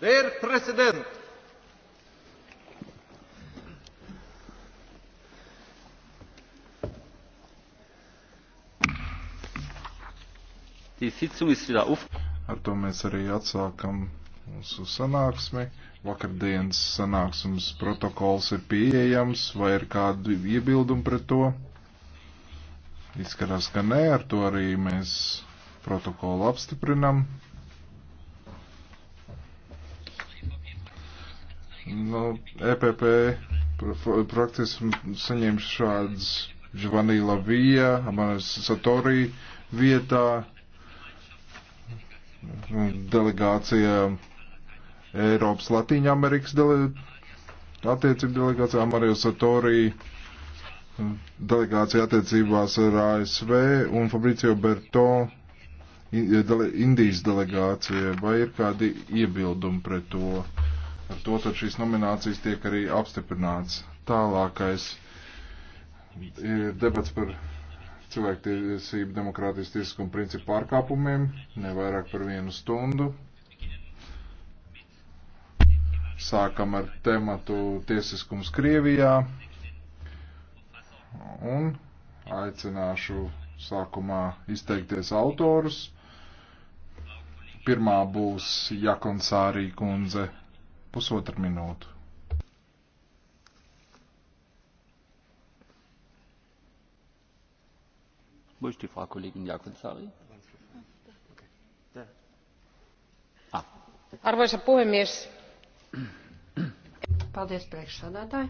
Herr Präsident! Ar to mēs arī atsākam mūsu sanāksmi. Vakardienas sanāksmes protokols ir pieejams, vai ir kādi iebildumi pret to? Izskatās, ka nē, ar to arī mēs protokolu apstiprinam. EPP praktiski saņem šādas Giovanni Lavija, Amanas Satori vietā, delegācija Eiropas Latīņa Amerikas dele, attiecību delegācija, Amarija Satori delegācija attiecībās ar ASV un Fabricio Berto Indijas delegācija. Vai ir kādi iebildumi pret to? Ar to tad šīs nominācijas tiek arī apstiprināts. Tālākais ir debats par cilvēktiesību demokrātijas tiesiskuma principu pārkāpumiem, nevairāk par vienu stundu. Sākam ar tematu tiesiskums Krievijā un aicināšu sākumā izteikties autorus. Pirmā būs Jakonsārī kundze Pusotru minūtu. Wo ist die Frau Kollegin Jakonsari? Arvoisa puhemies. Paldies priekšsādātāji.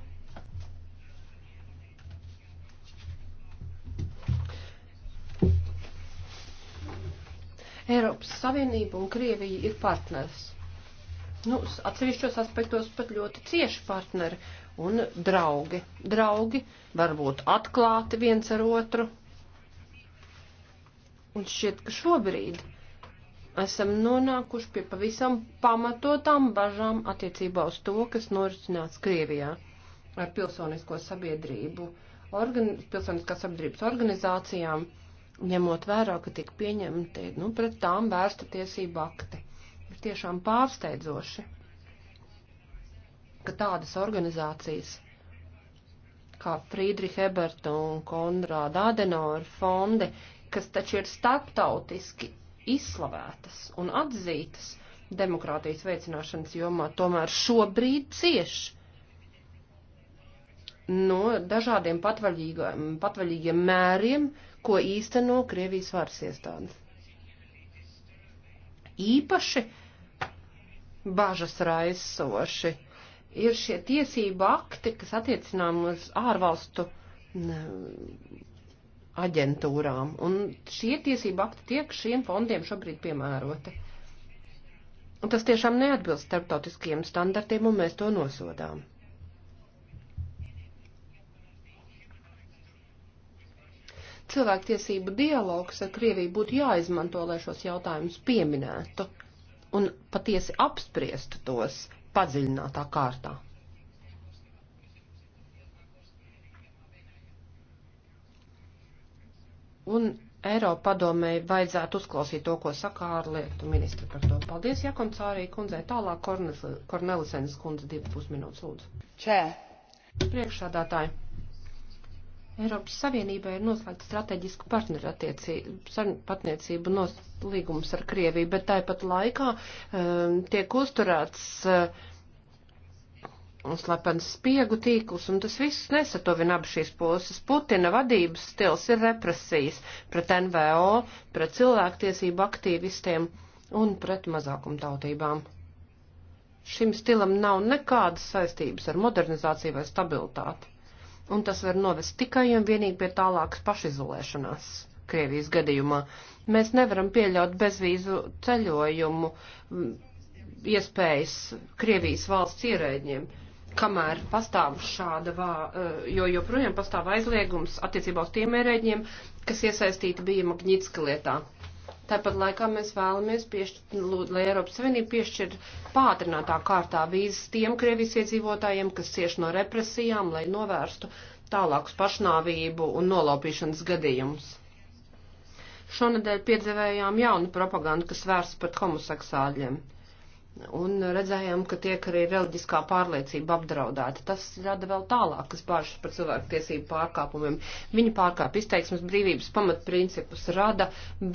Eiropas Savienība un Krievija ir partners nu, atsevišķos aspektos pat ļoti cieši partneri un draugi. Draugi var būt atklāti viens ar otru. Un šķiet, ka šobrīd esam nonākuši pie pavisam pamatotām bažām attiecībā uz to, kas norisināts Krievijā ar pilsonisko sabiedrību, organ, pilsoniskās sabiedrības organizācijām, ņemot vērā, ka tiek pieņemti nu, pret tām vērsta tiesība akti. Ir tiešām pārsteidzoši, ka tādas organizācijas kā Friedricha Eberta un Konrāda Adenauer fondi, kas taču ir starptautiski izslavētas un atzītas demokrātijas veicināšanas jomā, tomēr šobrīd cieši no dažādiem patvaļīgiem mēriem, ko īsteno Krievijas varas iestādes īpaši bažas raisoši ir šie tiesība akti, kas attiecinām uz ārvalstu aģentūrām. Un šie tiesība akti tiek šiem fondiem šobrīd piemēroti. Un tas tiešām neatbilst starptautiskajiem standartiem, un mēs to nosodām. cilvēktiesību dialogs ar Krieviju būtu jāizmanto, lai šos jautājumus pieminētu un patiesi apspriestu tos padziļinātā kārtā. Un Eiropa padomēji vajadzētu uzklausīt to, ko saka ārlietu ministri par to. Paldies, Jakoncārī kundzei. Tālāk Kornelisens kundze divas pusminūtes lūdzu. Čē. Priekšādātāji. Eiropas Savienībai ir noslēgta strateģisku partnerniecību noslīgums ar Krieviju, bet tāpat laikā um, tiek uzturēts uh, slepens spiegu tīkls, un tas viss nesatovina ap šīs puses. Putina vadības stils ir represijas pret NVO, pret cilvēktiesību aktīvistiem un pret mazākumtautībām šim stilam nav nekādas saistības ar modernizāciju vai stabilitāti un tas var novest tikai un vienīgi pie tālākas pašizolēšanās Krievijas gadījumā. Mēs nevaram pieļaut bezvīzu ceļojumu iespējas Krievijas valsts ierēģiem, kamēr pastāv šāda, vā, e, jo joprojām pastāv aizliegums attiecībā uz tiem ierēģiem, kas iesaistīti bija Magnitska lietā. Tāpat laikā mēs vēlamies, piešķirt, lai Eiropas Savienība piešķir pātrinātā kārtā vīzas tiem Krievijas iedzīvotājiem, kas cieš no represijām, lai novērstu tālākus pašnāvību un nolaupīšanas gadījumus. Šonadēļ piedzēvējām jaunu propagandu, kas vērsts pret homoseksuāļiem un redzējām, ka tiek arī reliģiskā pārliecība apdraudēta. Tas rada vēl tālākas bažas par cilvēku tiesību pārkāpumiem. Viņa pārkāp izteiksmes brīvības pamatprincipus, rada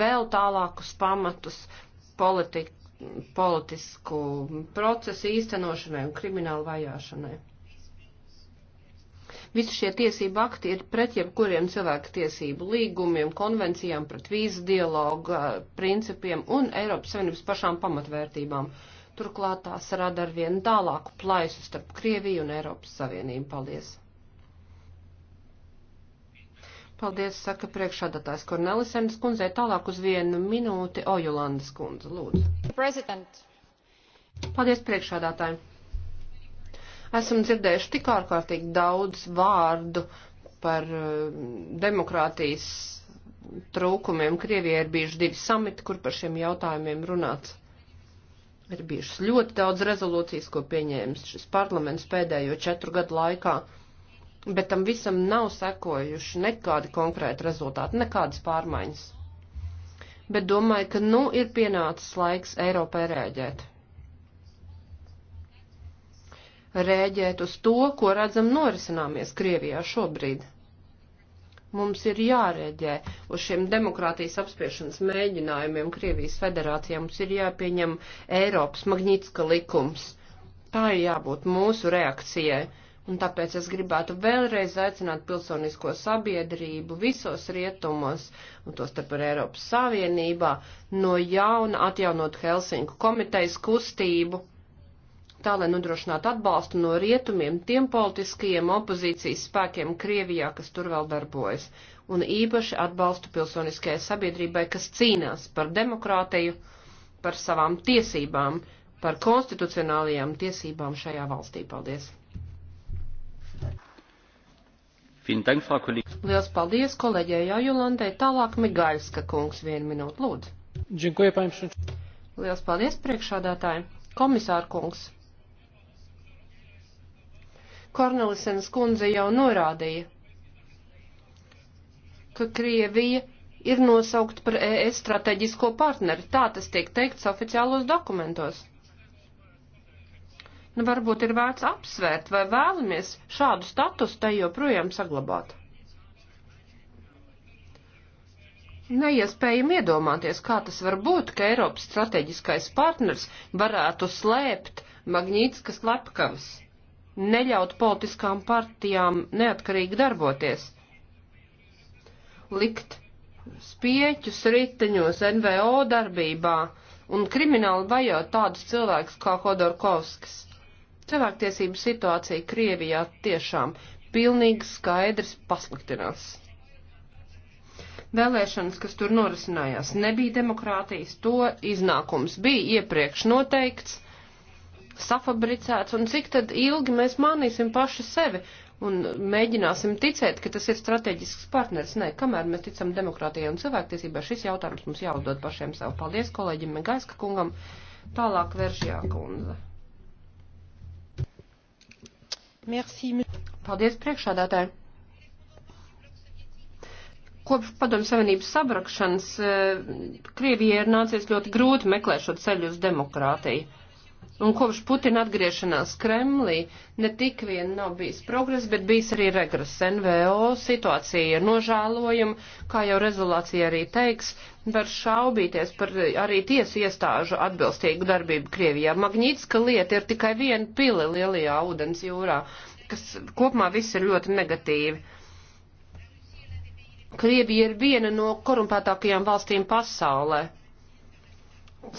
vēl tālākus pamatus politi politisku procesu īstenošanai un kriminālu vajāšanai. Visi šie tiesību akti ir pret jebkuriem cilvēku tiesību līgumiem, konvencijām, pret vīzu dialogu principiem un Eiropas Savienības pašām pamatvērtībām. Uh, turklāt tās rada ar vienu tālāku plaisu starp Krieviju un Eiropas Savienību. Paldies! Paldies, saka priekšādātājs Kornelisenes kundzei. Tālāk uz vienu minūti Ojulandas kundze, lūdzu. President. Paldies priekšādātājiem. Esam dzirdējuši tik ārkārtīgi daudz vārdu par eh, demokrātijas trūkumiem. Krievijai ir bijuši divi samiti, kur par šiem jautājumiem runāts. Ir bijušas ļoti daudz rezolūcijas, ko pieņēmis šis parlaments pēdējo četru gadu laikā, bet tam visam nav sekojuši nekādi konkrēti rezultāti, nekādas pārmaiņas. Bet domāju, ka nu ir pienācis laiks Eiropai rēģēt. Rēģēt uz to, ko redzam norisināmies Krievijā šobrīd. Mums ir jārēģē uz šiem demokrātijas apspiešanas mēģinājumiem Krievijas federācijā. Mums ir jāpieņem Eiropas Magnitska likums. Tā ir jābūt mūsu reakcijai. Un tāpēc es gribētu vēlreiz aicināt pilsonisko sabiedrību visos rietumos, un tos starp ar Eiropas Savienībā, no jauna atjaunot Helsinku komitejas kustību tā, lai nodrošinātu atbalstu no rietumiem tiem politiskajiem opozīcijas spēkiem Krievijā, kas tur vēl darbojas, un īpaši atbalstu pilsoniskajai sabiedrībai, kas cīnās par demokrātiju, par savām tiesībām, par konstitucionālajām tiesībām šajā valstī. Paldies! Liels paldies kolēģei Jājulandai. Tālāk Migaļska kungs vienu minūtu lūdzu. Liels paldies priekšādātāji. Komisāra kungs. Kornelisenas kundze jau norādīja, ka Krievija ir nosaukt par ES strateģisko partneri. Tā tas tiek teikts oficiālos dokumentos. Nu, varbūt ir vērts apsvērt, vai vēlamies šādu statusu te joprojām saglabāt. Neiespējami iedomāties, kā tas var būt, ka Eiropas strateģiskais partners varētu slēpt Magnītiskas lepkavas neļaut politiskām partijām neatkarīgi darboties, likt spieķus riteņos NVO darbībā un krimināli vajot tādus cilvēkus kā Hodorkovskis. Cilvēktiesību situācija Krievijā tiešām pilnīgi skaidrs pasliktinās. Vēlēšanas, kas tur norisinājās, nebija demokrātijas, to iznākums bija iepriekš noteikts safabricēts un cik tad ilgi mēs mānīsim paši sevi un mēģināsim ticēt, ka tas ir strateģisks partners. Nē, kamēr mēs ticam demokrātijai un cilvēktiesībai, šis jautājums mums jāuzdod pašiem sev. Paldies kolēģim Megaiska kungam. Tālāk veržjā kundze. Merci. Paldies priekšādātāji. Kopš padomju savienības sabrakšanas eh, Krievijai ir nācies ļoti grūti meklēt šo ceļu uz demokrātiju Un kopš Putina atgriešanās Kremlī ne tik vien nav bijis progress, bet bijis arī regress. NVO situācija ir nožēlojama, kā jau rezolācija arī teiks, var šaubīties par arī tiesu iestāžu atbilstīgu darbību Krievijā. Magnītiska lieta ir tikai viena pile lielajā ūdens jūrā, kas kopumā viss ir ļoti negatīvi. Krievija ir viena no korumpētākajām valstīm pasaulē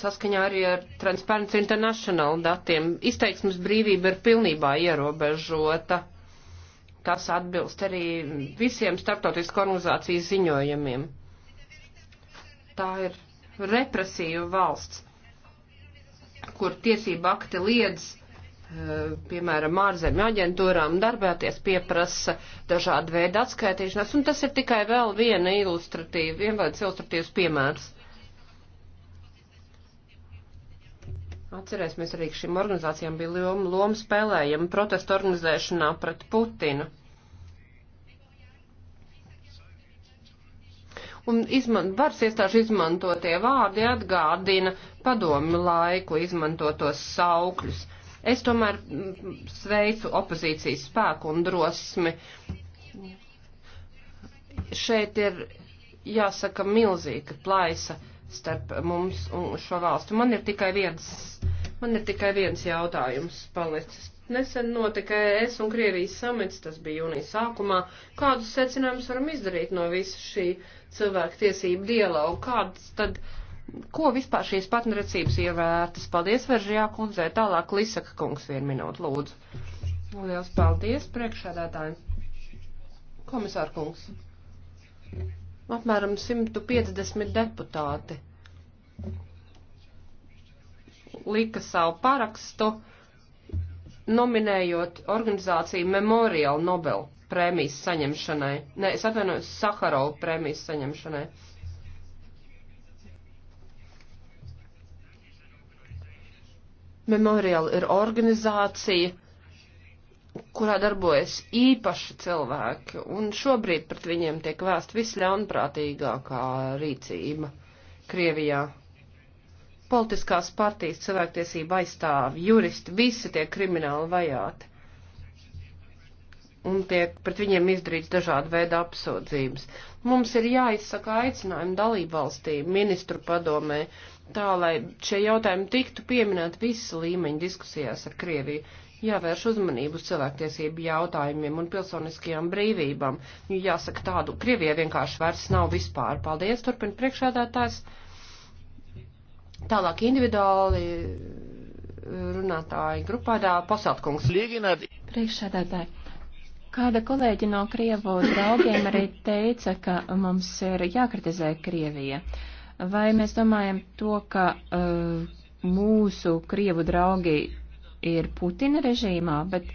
saskaņā arī ar Transparency International datiem. Izteiksmes brīvība ir pilnībā ierobežota. Tas atbilst arī visiem starptautisku organizāciju ziņojumiem. Tā ir represīva valsts, kur tiesība akti liedz eh, piemēram, ārzemju aģentūrām darbēties, pieprasa dažādu veidu atskaitīšanās, un tas ir tikai vēl viena ilustratīva, vienlaicīgs ilustratīvs piemērs. Atcerēsimies arī, ka šīm organizācijām bija loma, loma spēlējama protestu organizēšanā pret Putinu. Un izman, varas iestāžu izmantotie vārdi atgādina padomi laiku izmantotos saukļus. Es tomēr mm, sveicu opozīcijas spēku un drosmi. Šeit ir jāsaka milzīga plaisa starp mums un šo valstu. Man ir tikai viens, man ir tikai viens jautājums palicis. Nesen notika es un Krievijas samits, tas bija jūnijas sākumā. Kādus secinājumus varam izdarīt no visa šī cilvēku tiesību dialogu? Kāds tad, ko vispār šīs partnerecības ievērtas? Paldies, Veržijā kundzē, tālāk Lisaka kungs vienu minūtu lūdzu. Liels paldies priekšādātājiem. Komisār kungs. Thank you apmēram 150 deputāti lika savu parakstu, nominējot organizāciju Memorial Nobel prēmijas saņemšanai. Nē, es atvainojos Saharov prēmijas saņemšanai. Memorial ir organizācija, kurā darbojas īpaši cilvēki, un šobrīd pret viņiem tiek vēst visļaunprātīgākā rīcība Krievijā. Politiskās partijas cilvēktiesība aizstāvi, juristi, visi tiek krimināli vajāti. Un tiek pret viņiem izdarīts dažādi veidi apsūdzības. Mums ir jāizsaka aicinājumi dalībvalstīm, ministru padomē, tā lai šie jautājumi tiktu pieminēti visu līmeņu diskusijās ar Krieviju jāvērš uzmanību uz cilvēktiesību jautājumiem un pilsoniskajām brīvībām. Nu, jāsaka tādu, Krievijai vienkārši vairs nav vispār. Paldies, turpin priekšādātājs. Tālāk individuāli eh, runātāji grupādā pasautkungs. Priekšādātāji. Kāda kolēģi no Krievu draugiem arī teica, ka mums ir jākritizē Krievija. Vai mēs domājam to, ka uh, mūsu Krievu draugi ir Putina režīmā, bet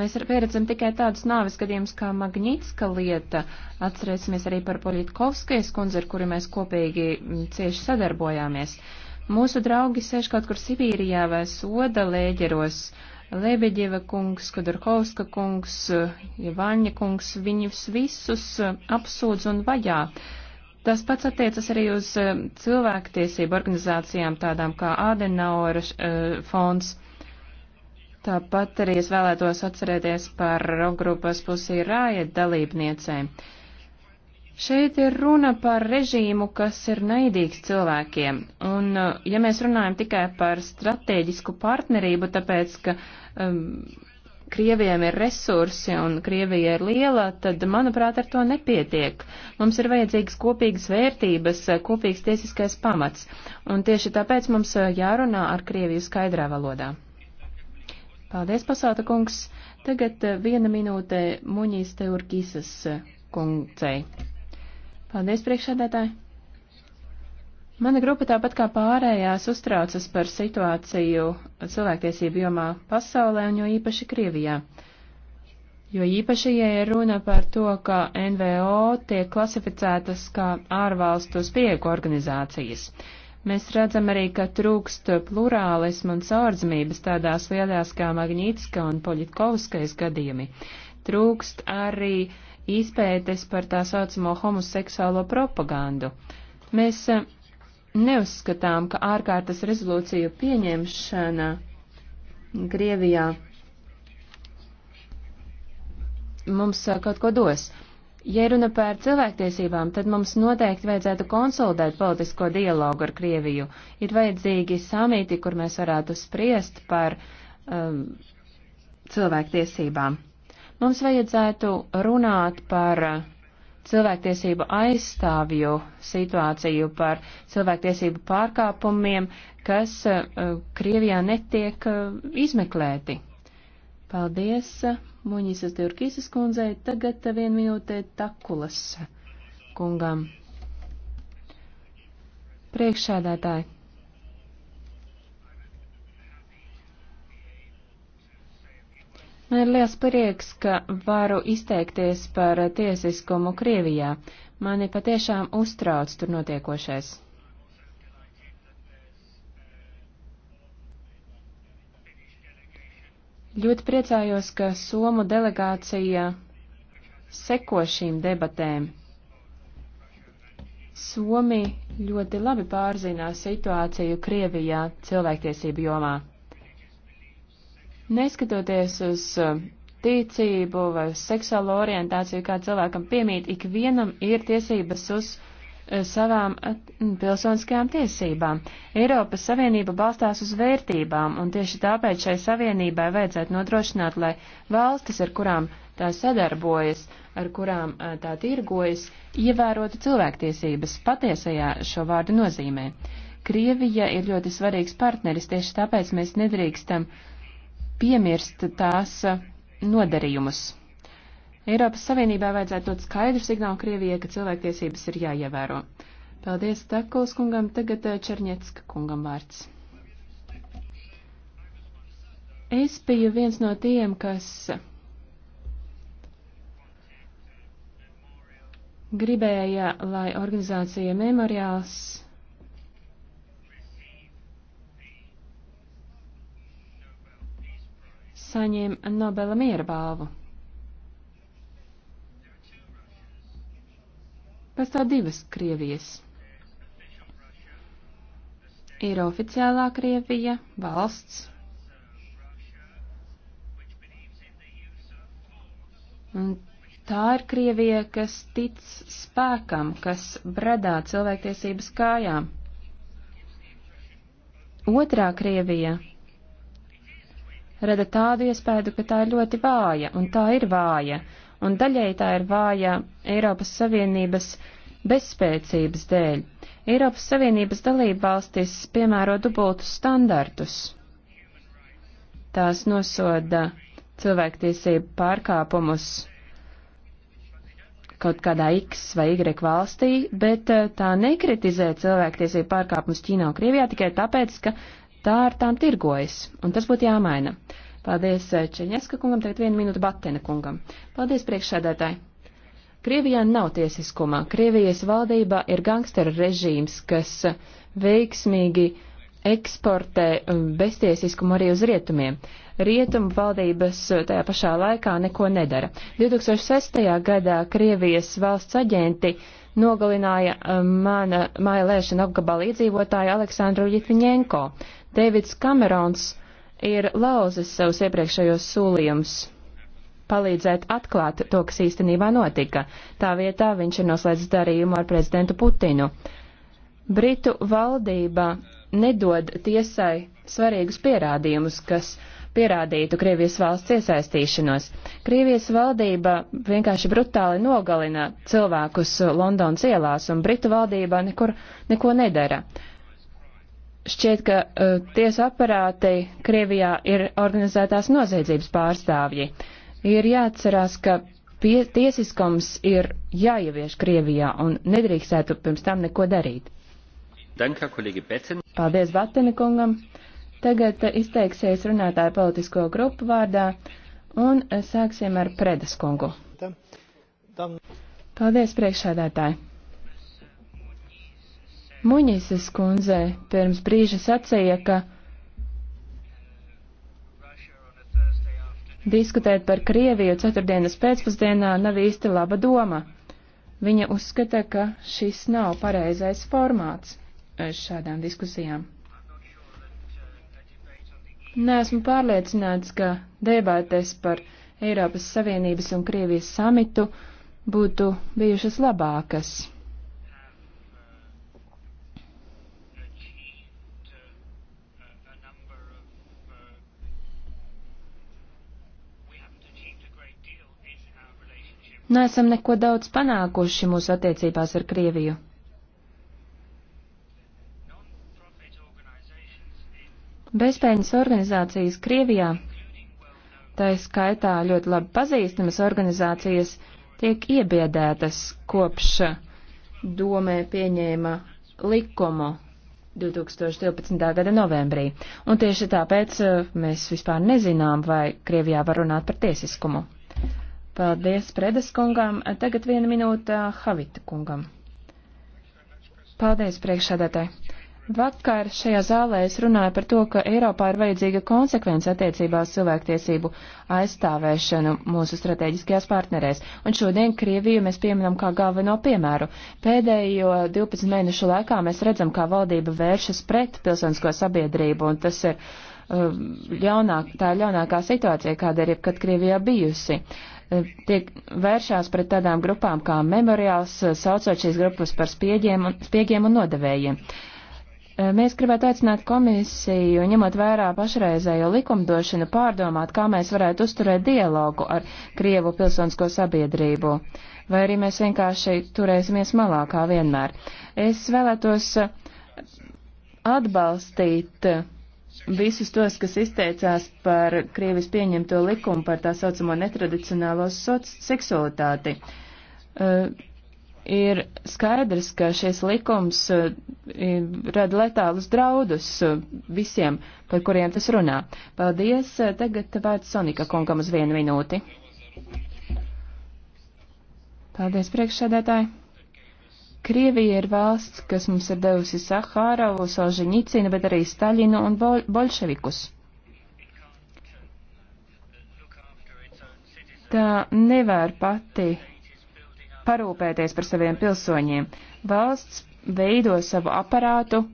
mēs pieredzam tikai tādus nāves gadījumus kā Magnitska lieta. Atcerēsimies arī par Politkovskijas kundzi, ar kuru mēs kopīgi mm, cieši sadarbojāmies. Mūsu draugi sēž kaut kur Sibīrijā vai soda lēģeros. Lebeģeva kungs, Kodorkovska kungs, Jevaņa kungs, viņus visus e, apsūdz un vajā. Tas pats attiecas arī uz e, cilvēktiesību organizācijām, tādām kā Adenaura e, fonds. Tāpat arī es vēlētos atcerēties par rokgrupas pusī rāja dalībniecēm. Šeit ir runa par režīmu, kas ir naidīgs cilvēkiem. Un, eh, ja mēs runājam tikai par strateģisku partnerību, tāpēc, ka um, Krievijam ir resursi un Krievija ir liela, tad, manuprāt, ar to nepietiek. Mums ir vajadzīgas kopīgas vērtības, kopīgs tiesiskais pamats. Un tieši tāpēc mums eh, jārunā ar Krieviju skaidrā valodā. Paldies, pasāta kungs. Tagad eh, viena minūte muņīs teurkīsas eh, kungcei. Paldies, priekšsēdētāji. Mana grupa tāpat kā pārējās uztraucas par situāciju cilvēktiesību jomā pasaulē un jo īpaši Krievijā. Jo īpaši, ja ir runa par to, ka NVO tiek klasificētas kā ārvalstu spiegu organizācijas. Uh, Mēs redzam arī, ka trūkst plurālismu un caurdzamības tādās lielās kā Magnītiska un Poļitkovskais gadījumi. Trūkst arī izpētes par tā saucamo homoseksuālo propagandu. Mēs eh, neuzskatām, ka ārkārtas rezolūciju pieņemšana Krievijā mums eh, kaut ko dos. Ja runa par cilvēktiesībām, tad mums noteikti vajadzētu konsolidēt politisko dialogu ar Krieviju. Ir vajadzīgi samīti, kur mēs varētu spriest par um, cilvēktiesībām. Mums vajadzētu runāt par uh, cilvēktiesību aizstāvju situāciju, par cilvēktiesību pārkāpumiem, kas uh, Krievijā netiek uh, izmeklēti. Paldies! Muņisas Teorkīsas kundzei, tagad vien minūtē Takulas kungam. Priekšsēdētāji. Man ir liels prieks, ka varu izteikties par tiesiskumu Krievijā. Mani patiešām uztrauc tur notiekošais. Ļoti priecājos, ka Somu delegācija seko šīm debatēm. Somi ļoti labi pārzina situāciju Krievijā cilvēktiesību jomā. Neskatoties uz uh, ticību vai seksuālo orientāciju, kā cilvēkam piemīt, ikvienam ir tiesības uz Eh, savām eh, pilsoniskajām tiesībām. Eiropas Savienība balstās uz vērtībām, un tieši tāpēc šai savienībai vajadzētu nodrošināt, lai valstis, ar kurām tā sadarbojas, ar kurām eh, tā tirgojas, ievērotu cilvēktiesības patiesajā šo vārdu nozīmē. Krievija ir ļoti svarīgs partneris, tieši tāpēc mēs nedrīkstam piemirst tās nodarījumus. Eiropas Savienībā vajadzētu dot skaidru signālu Krievijai, ka cilvēktiesības ir jāievēro. Paldies Takuls kungam, tagad eh, Černiecka kungam vārds. Es biju viens no tiem, kas gribēja, lai organizācija memoriāls saņem Nobela miera balvu. Pēc tā divas Krievijas. Ir oficiālā Krievija, valsts, Un tā ir Krievija, kas tic spēkam, kas bredā cilvēktiesības kājām. Otrā Krievija rada tādu iespēju, ka tā ir ļoti vāja, un tā ir vāja un daļai tā ir vāja Eiropas Savienības bezspēcības dēļ. Eiropas Savienības dalībvalstis piemēro dubultus standartus. Tās nosoda cilvēktiesību pārkāpumus kaut kādā X vai Y valstī, bet eh, tā nekritizē cilvēktiesību pārkāpumus Ķīnā un Krievijā tikai tāpēc, ka tā ar tām tirgojas, un tas būtu jāmaina. Paldies eh, Čeņeska kungam, tagad vienu minūtu Batena kungam. Paldies priekšsēdētāji. Krievijā nav tiesiskumā. Krievijas valdībā ir gangsteru režīms, kas veiksmīgi eksportē um, beztiesiskumu arī uz rietumiem. Rietumu valdības uh, tajā pašā laikā neko nedara. 2006. gadā Krievijas valsts aģenti nogalināja um, mana māja lēšana apgabala iedzīvotāju Aleksandru Litviņenko. Dēvids Kamerons ir lauzis savus iepriekšējos solījumus palīdzēt atklāt to, kas īstenībā notika. Tā vietā viņš ir noslēdzis darījumu ar prezidentu Putinu. Britu valdība nedod tiesai svarīgus pierādījumus, kas pierādītu Krievijas valsts iesaistīšanos. Krievijas valdība vienkārši brutāli nogalina cilvēkus Londonas ielās, un Britu valdība nekur, neko nedara. Šķiet, ka uh, tiesu aparāti Krievijā ir organizētās noziedzības pārstāvji. Ir jāatcerās, ka pie, tiesiskums ir jāievieš Krievijā un nedrīkstētu pirms tam neko darīt. Danka, Paldies Bateni kungam. Tagad eh, izteiksies runātāja politisko grupu vārdā un eh, sāksim ar Predas kungu. Paldies priekšsēdētāji. Muņises kundze pirms brīža sacīja, ka diskutēt par Krieviju ceturtdienas pēcpusdienā nav īsti laba doma. Viņa uzskata, ka šis nav pareizais formāts eh, šādām diskusijām. Neesmu pārliecināts, ka debātēs par Eiropas Savienības un Krievijas samitu būtu bijušas labākas. neesam neko daudz panākuši mūsu attiecībās ar Krieviju. Bezpējas organizācijas Krievijā, tā skaitā ļoti labi pazīstamas organizācijas, tiek iebiedētas kopš domē pieņēma likumu 2012. gada novembrī. Un tieši tāpēc eh, mēs vispār nezinām, vai Krievijā var runāt par tiesiskumu. Paldies Predes kungam. Tagad viena minūte Havita kungam. Paldies priekšsēdētāji. Vakar šajā zālē es runāju par to, ka Eiropā ir vajadzīga konsekvence attiecībā uz cilvēktiesību aizstāvēšanu mūsu strateģiskajās partnerēs, un šodien Krieviju mēs pieminam kā galveno piemēru. Pēdējo 12 mēnešu laikā mēs redzam, kā valdība vēršas pret pilsonisko sabiedrību, un tas ir um, ļaunāk, tā ir ļaunākā situācija, kāda ir jebkad Krievijā bijusi. Uh, Eh, tiek vēršās pret tādām grupām kā memoriāls, eh, saucot šīs grupas par spiegiem un, spiegiem un nodevējiem. Eh, mēs gribētu aicināt komisiju, ņemot vērā pašreizējo likumdošanu, pārdomāt, kā mēs varētu uzturēt dialogu ar Krievu pilsonisko sabiedrību. Vai arī mēs vienkārši turēsimies malā kā vienmēr. Es vēlētos atbalstīt uh, visus tos, kas izteicās par Krievis pieņemto likumu par tā saucamo netradicionālo seksualitāti. Uh, ir skaidrs, ka šis likums uh, rada letālus draudus uh, visiem, par kuriem tas runā. Paldies. Tagad vārds Sonika kungam uz vienu minūti. Paldies, priekšsēdētāji. Krievija ir valsts, kas mums ir devusi Sahārovu, Solženicinu, bet arī Staļinu un bol bolševikus. Tā nevar pati parūpēties par saviem pilsoņiem. Valsts veido savu aparātu.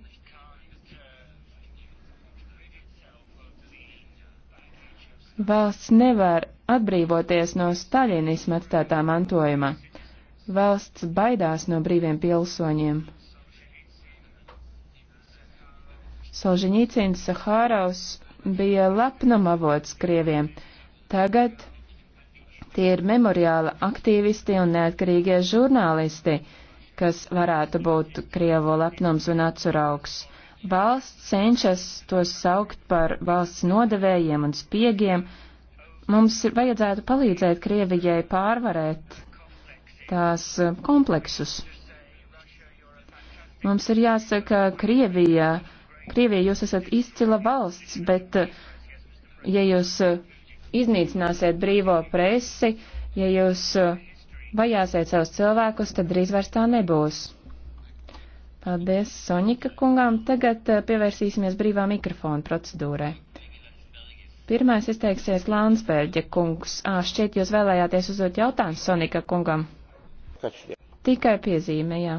Valsts nevar atbrīvoties no staļinisma atstātā mantojuma valsts baidās no brīviem pilsoņiem. Solženīcins Sahāraus bija lepnuma avots Krieviem. Tagad tie ir memoriāla aktīvisti un neatkarīgie žurnālisti, kas varētu būt Krievo lepnums un atsuraugs. Valsts cenšas tos saukt par valsts nodevējiem un spiegiem. Mums vajadzētu palīdzēt Krievijai pārvarēt tās e, kompleksus. Mums ir jāsaka, Krievija, Krievija jūs esat izcila valsts, bet e, ja jūs e, iznīcināsiet brīvo presi, ja jūs vajāsiet savus cilvēkus, tad drīz vairs tā nebūs. Paldies Soņika kungām. Tagad pievērsīsimies brīvā mikrofona procedūrai. Pirmais izteiksies Launsbērģa kungs. Ā, šķiet, jūs vēlējāties uzdot jautājumu Sonika kungam. Tikai piezīme, jā,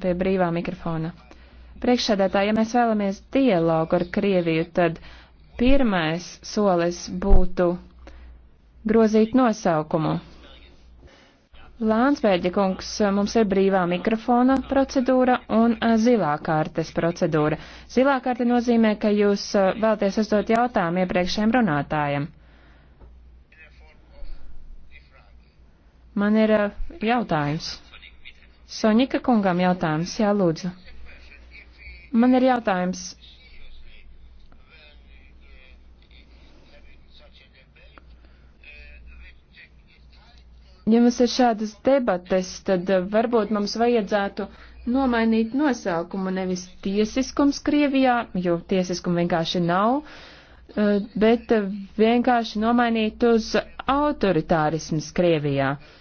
pie brīvā mikrofona. Priekšsēdētāji, ja mēs vēlamies dialogu ar Krieviju, tad pirmais solis būtu grozīt nosaukumu. Lānsbērģa kungs, mums ir brīvā mikrofona procedūra un eh, zilā kārtas procedūra. Zilā kārta nozīmē, ka jūs eh, vēlaties uzdot jautājumu iepriekšējiem runātājiem. Man ir eh, jautājums. Soņika kungam jautājums, jā, lūdzu. Man ir jautājums. Ja mums ir šādas debates, tad eh, varbūt mums vajadzētu nomainīt nosaukumu nevis tiesiskums Krievijā, jo tiesiskumu vienkārši nav, eh, bet vienkārši nomainīt uz autoritārisms Krievijā. Uh,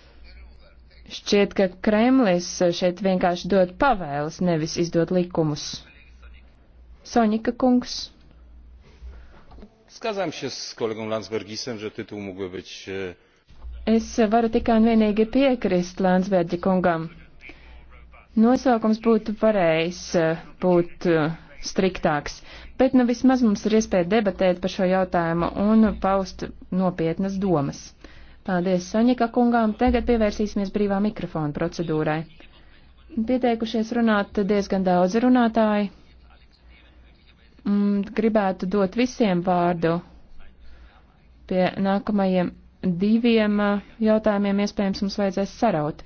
Šķiet, ka Kremlis šeit vienkārši dod pavēles, nevis izdod likumus. Soņika kungs. Skazām šis kolegam Landsbergisam, ka titul mūgu būt. E, es varu tikai un vienīgi piekrist Landsbergi kungam. Nosaukums būtu pareizs, e, būt e, striktāks, bet nu vismaz mums ir iespēja debatēt par šo jautājumu un paust nopietnas domas. Paldies Soņika kungām. Tagad pievērsīsimies brīvā mikrofona procedūrai. Pieteikušies runāt diezgan daudz runātāji. Mm, gribētu dot visiem vārdu pie nākamajiem diviem uh, jautājumiem. Iespējams, mums vajadzēs saraut.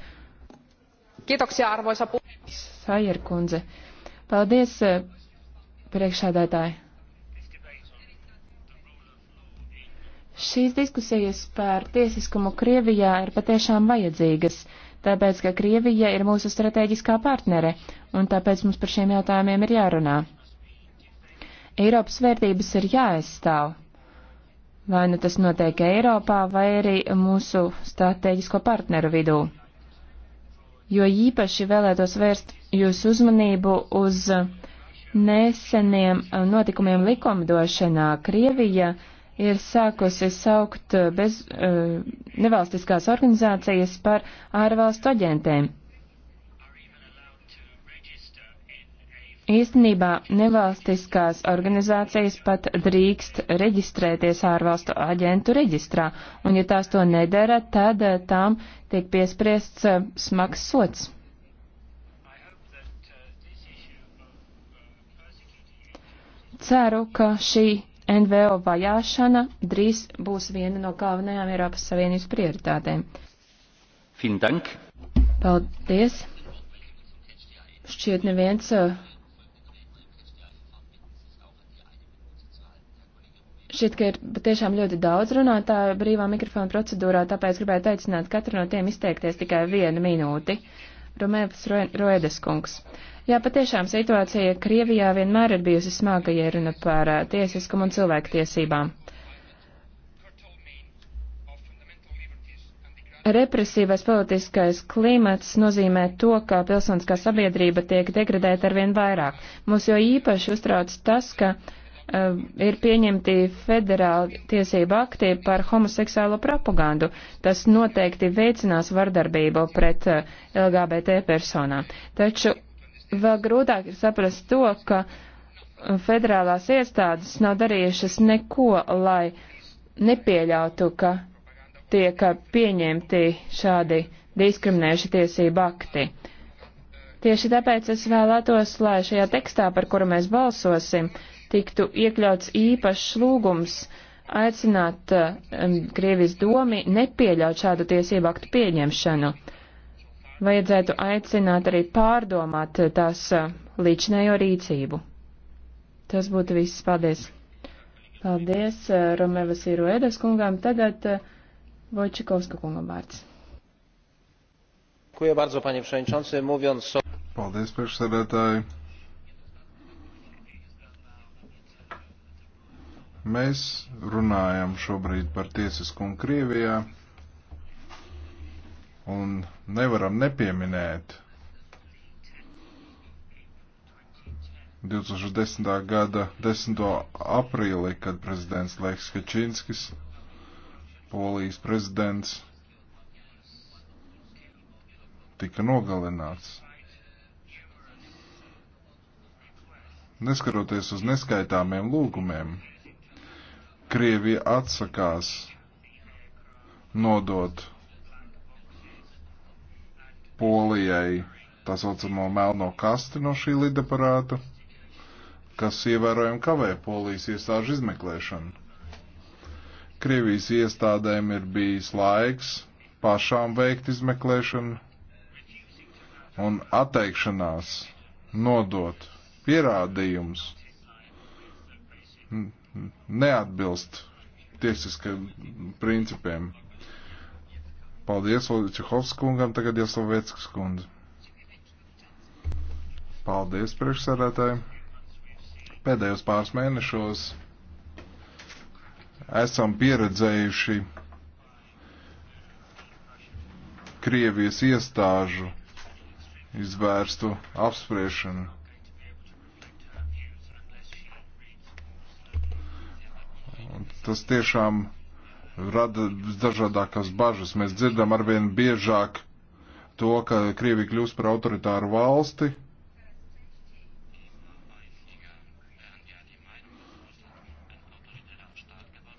Kiitoksia, arvoisa puhemies. Sajer kundze. Paldies, uh, priekšsēdētāji. Šīs diskusijas par tiesiskumu Krievijā ir patiešām vajadzīgas, tāpēc, ka Krievija ir mūsu strateģiskā partnere, un tāpēc mums par šiem jautājumiem ir jārunā. Eiropas vērtības ir jāaizstāv, vai nu tas notiek Eiropā, vai arī mūsu strateģisko partneru vidū. Jo īpaši vēlētos vērst jūsu uzmanību uz neseniem notikumiem likumdošanā Krievija ir sākusi saukt eh, bez, uh, nevalstiskās organizācijas par ārvalstu aģentēm. Īstenībā nevalstiskās organizācijas pat drīkst reģistrēties ārvalstu aģentu reģistrā, un ja tās to nedara, tad eh, tām tiek piespriests smags sots. Ceru, ka šī NVO vajāšana drīz būs viena no galvenajām Eiropas Savienības prioritātēm. Fintank. Paldies. Šķiet neviens. Eh, šķiet, ka ir patiešām ļoti daudz runātāju brīvā mikrofona procedūrā, tāpēc gribētu aicināt katru no tiem izteikties tikai vienu minūti. Romēpas Roedes kungs. Uh, Jā, patiešām situācija Krievijā vienmēr ir bijusi smaga, ja runa par tiesiskumu un cilvēktiesībām. Represīvais politiskais klimats nozīmē to, ka pilsoniskā sabiedrība tiek degradēta arvien vairāk. Mums jau īpaši uztrauc tas, ka uh, ir pieņemti federāli tiesība akti par homoseksuālo propagandu. Tas noteikti veicinās vardarbību pret uh, LGBT personām. Taču vēl grūtāk ir saprast to, ka federālās iestādes nav darījušas neko, lai nepieļautu, ka tiek pieņemti šādi diskriminējuši tiesību akti. Tieši tāpēc es vēlētos, lai šajā tekstā, par kuru mēs balsosim, tiktu iekļauts īpašs lūgums aicināt um, Krievijas domi nepieļaut šādu tiesību aktu pieņemšanu vajadzētu aicināt arī pārdomāt tās līdzinējo rīcību. Tas būtu viss. Paldies! Paldies Romevas Iruēdas kungām. Tagad Vojčikovska kungam vārds. Dziękuję bardzo, panie przewodniczący. Mówiąc o... Paldies, priekšsēdētāji. Mēs runājam šobrīd par tiesiskumu Krievijā un nevaram nepieminēt 2010. gada 10. aprīlī, kad prezidents Leks Kačinskis, Polijas prezidents, tika nogalināts. Neskaroties uz neskaitāmiem lūgumiem, Krievija atsakās nodot Polijai tā saucamo melno kasti no šī lidaparāta, kas ievērojami kavē Polijas iestāžu izmeklēšanu. Krievijas iestādēm ir bijis laiks pašām veikt izmeklēšanu un atteikšanās nodot pierādījums neatbilst tiesiskajiem principiem. Paldies Čehovs kungam, tagad Jaslovēckas kundze. Paldies priekšsēdētāji. Pēdējos pāris mēnešos esam pieredzējuši Krievijas iestāžu izvērstu apspriešanu. Un tas tiešām rada dažādākas bažas. Mēs dzirdam arvien biežāk to, ka Krievija kļūst par autoritāru valsti.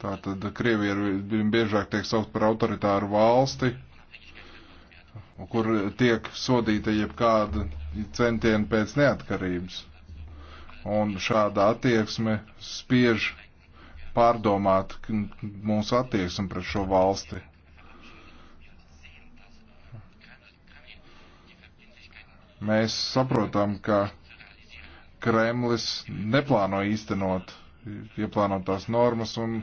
Tātad Krievija ir biežāk tiek saukt par autoritāru valsti, kur tiek sodīta jebkāda centieni pēc neatkarības. Un šāda attieksme spiež pārdomāt mūsu attieksmi pret šo valsti. Mēs saprotam, ka Kremlis neplāno īstenot ieplānotās normas un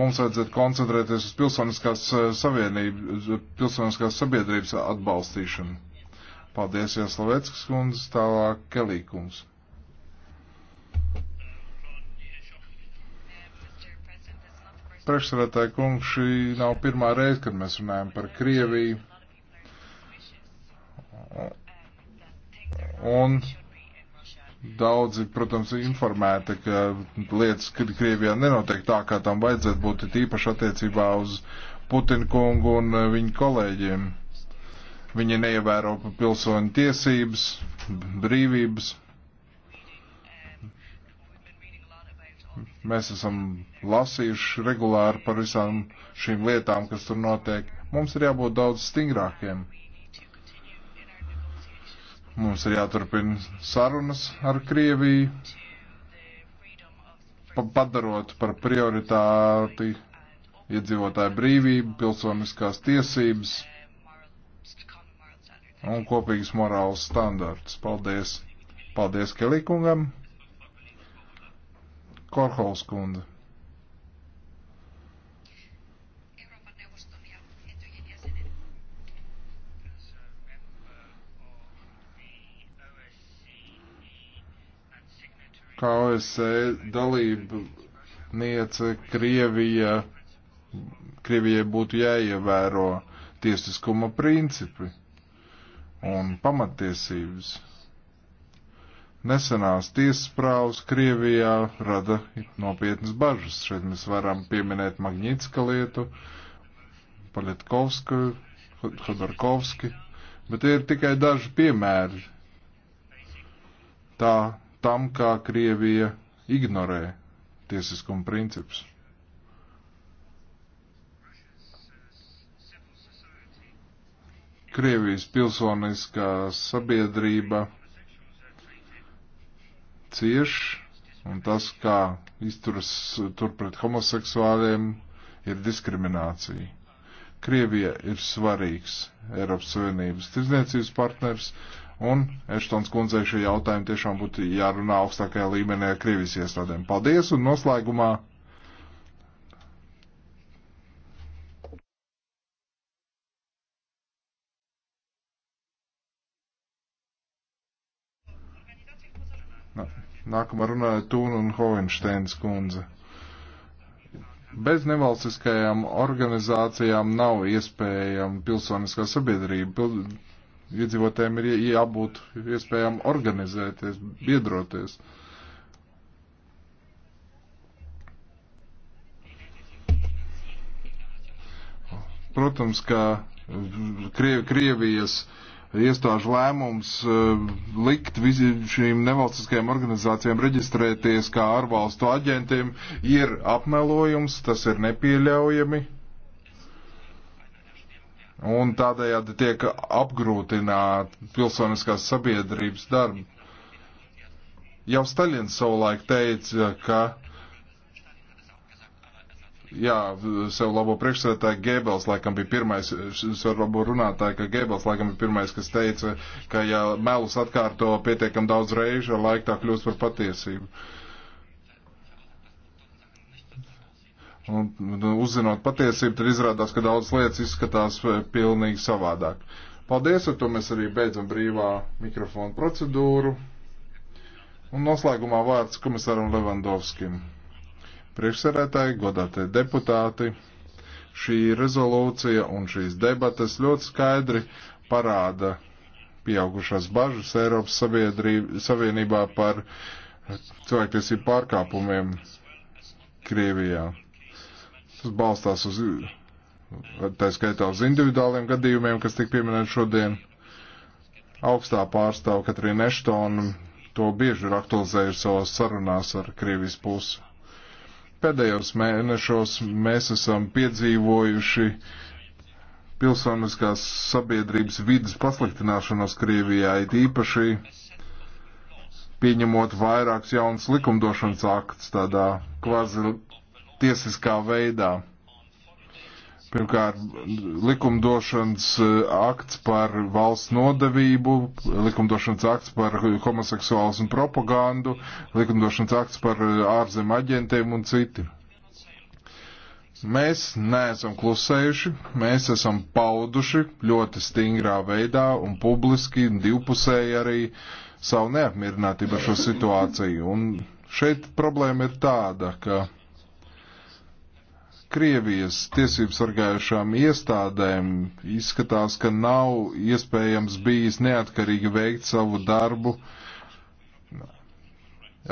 mums vajadzētu koncentrēties uz pilsoniskās, eh, pilsoniskās sabiedrības atbalstīšanu. Paldies, Jāslaveckas kundze, tālāk Kelīkums. Priekšsēdētāji kungs, šī nav pirmā reize, kad mēs runājam par Krieviju. Un daudzi, protams, informēti, ka lietas Krievijā nenotiek tā, kā tam vajadzētu būt, tīpaši attiecībā uz Putinu kungu un eh, viņu kolēģiem. Viņi neievēro pilsoņu tiesības, brīvības. Mēs esam lasījuši regulāri par visām šīm lietām, kas tur notiek. Mums ir jābūt daudz stingrākiem. Mums ir jāturpina sarunas ar Krieviju, padarot par prioritāti iedzīvotāju brīvību, pilsoniskās tiesības un kopīgas morāles standārts. Paldies! Paldies Kelikungam! Korhols kundze. Kā OSC e dalība niece Krievija, Krievijai būtu jāievēro tiesiskuma principi un pamatiesības. Nesenās tiesasprāvas Krievijā rada nopietnas bažas. Šeit mēs varam pieminēt Magnitska lietu, Paļetkovska, Khodorkovski, bet tie ir tikai daži piemēri tā, tam, kā Krievija ignorē tiesiskuma principus. Krievijas pilsoniskā sabiedrība cieš, un tas, kā izturas tur pret homoseksuāliem, ir diskriminācija. Krievija ir svarīgs Eiropas Savienības tirdzniecības partners, un Eštons kundzei šie jautājumi tiešām būtu jārunā augstākajā līmenī ar Krievijas iestādēm. Paldies, un noslēgumā. No. Nākamā runāja Tūna un Hovensteins kundze. Bez nevalstiskajām organizācijām nav iespējama pilsoniskā sabiedrība. Pil iedzīvotājiem ir jābūt iespējām organizēties, biedroties. Protams, ka Kriev, Krievijas uh, iestāžu lēmums eh, likt visiem šīm nevalstiskajām organizācijām reģistrēties kā ārvalstu aģentiem ir apmelojums, tas ir nepieļaujami. Un tādējādi tiek apgrūtināt pilsoniskās sabiedrības darbu. Jau Staļins savulaik teica, ka jā, sev labo priekšsēdētāju Gēbels laikam bija pirmais, sev labo runātāju, ka Gēbels laikam bija pirmais, kas teica, ka ja melus atkārto pietiekam daudz reižu, ar laiku tā kļūst par patiesību. Un, un nu, uzzinot patiesību, tad izrādās, ka daudz lietas izskatās eh, pilnīgi savādāk. Paldies, ar to mēs arī beidzam brīvā mikrofona procedūru. Un noslēgumā vārds komisaram Levandovskim. Priekšsarētāji, godātie deputāti, šī rezolūcija un šīs debates ļoti skaidri parāda pieaugušās bažas Eiropas Savienībā par cilvēktiesību pārkāpumiem Krievijā. Tas balstās uz, tā skaitā uz individuāliem gadījumiem, kas tik pieminēti šodien. Augstā pārstāva Katrīna Eštona to bieži ir aktualizējusi savās sarunās ar Krievijas pusi. Pēdējos mēnešos mēs esam piedzīvojuši pilsoniskās sabiedrības vidas pasliktināšanos Krievijā, it īpaši pieņemot vairākus jaunus likumdošanas aktus tādā kvazi tiesiskā veidā. Pirmkārt, likumdošanas eh, akts par valsts nodevību, likumdošanas akts par homoseksuāls un propagandu, likumdošanas akts par eh, ārzem aģentiem un citi. Mēs neesam klusējuši, mēs esam pauduši ļoti stingrā veidā un publiski un divpusēji arī savu neapmierinātību ar šo situāciju. Un šeit problēma ir tāda, ka Krievijas tiesību sargājušām iestādēm izskatās, ka nav iespējams bijis neatkarīgi veikt savu darbu.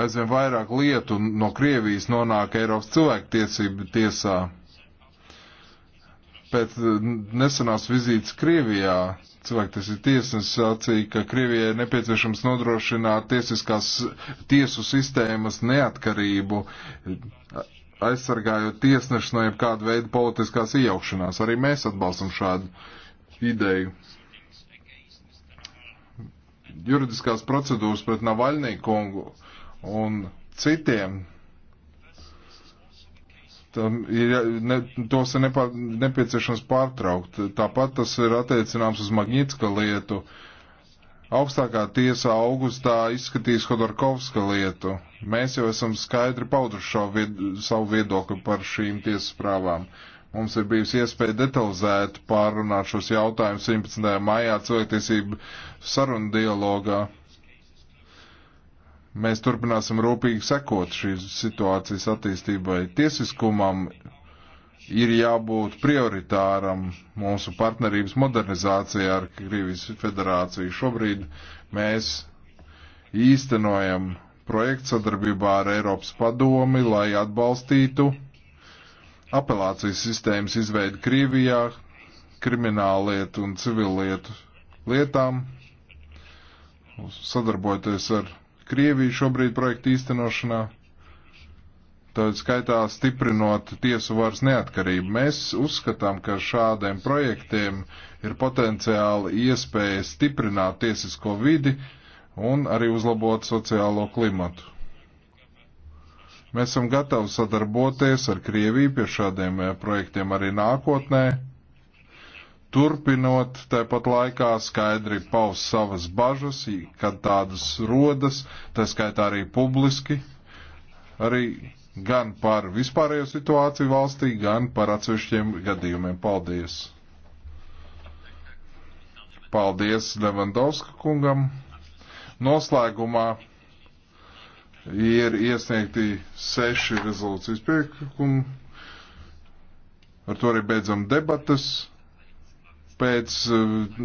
Aizvien vairāk lietu no Krievijas nonāk Eiropas cilvēktiesību tiesā. Pēc nesenās vizītes Krievijā cilvēktiesību tiesnes sacīja, ka Krievijai nepieciešams nodrošināt tiesiskās tiesu sistēmas neatkarību aizsargājot tiesnešu no jebkāda veida politiskās iejaukšanās. Arī mēs atbalstam šādu ideju. Juridiskās procedūras pret Navaļnīkungu un citiem. Ir, ne, tos ir nepā, nepieciešams pārtraukt. Tāpat tas ir attiecināms uz Magnitska lietu. Uh, Augstākā tiesa augustā izskatīs Hodorkovska lietu. Mēs jau esam skaidri pauduši vied savu viedokli par šīm tiesas prāvām. Mums ir bijusi iespēja detalizēt pārunāt šos jautājumus 17. maijā cilvēktiesību sarunu dialogā. Mēs turpināsim rūpīgi sekot šīs situācijas attīstībai. Tiesiskumam ir jābūt prioritāram mūsu partnerības modernizācijā ar Krievijas federāciju. Šobrīd mēs īstenojam projektu sadarbībā ar Eiropas padomi, lai atbalstītu apelācijas sistēmas izveidu Krievijā, krimināllietu un civillietu lietām, sadarbojoties ar Krieviju šobrīd projektu īstenošanā tā skaitā stiprinot tiesu varas neatkarību. Mēs uzskatām, ka šādiem projektiem ir potenciāli iespēja stiprināt tiesisko vidi un arī uzlabot sociālo klimatu. Mēs esam gatavi sadarboties ar Krieviju pie šādiem eh, projektiem arī nākotnē, turpinot tāpat laikā skaidri paust savas bažas, kad tādas rodas, tā skaitā arī publiski. Arī gan par vispārējo situāciju valstī, gan par atsevišķiem gadījumiem. Paldies! Paldies Levandovska kungam! Noslēgumā ir iesniegti seši rezolūcijas priekšlikumi. Ar to arī beidzam debatas. Pēc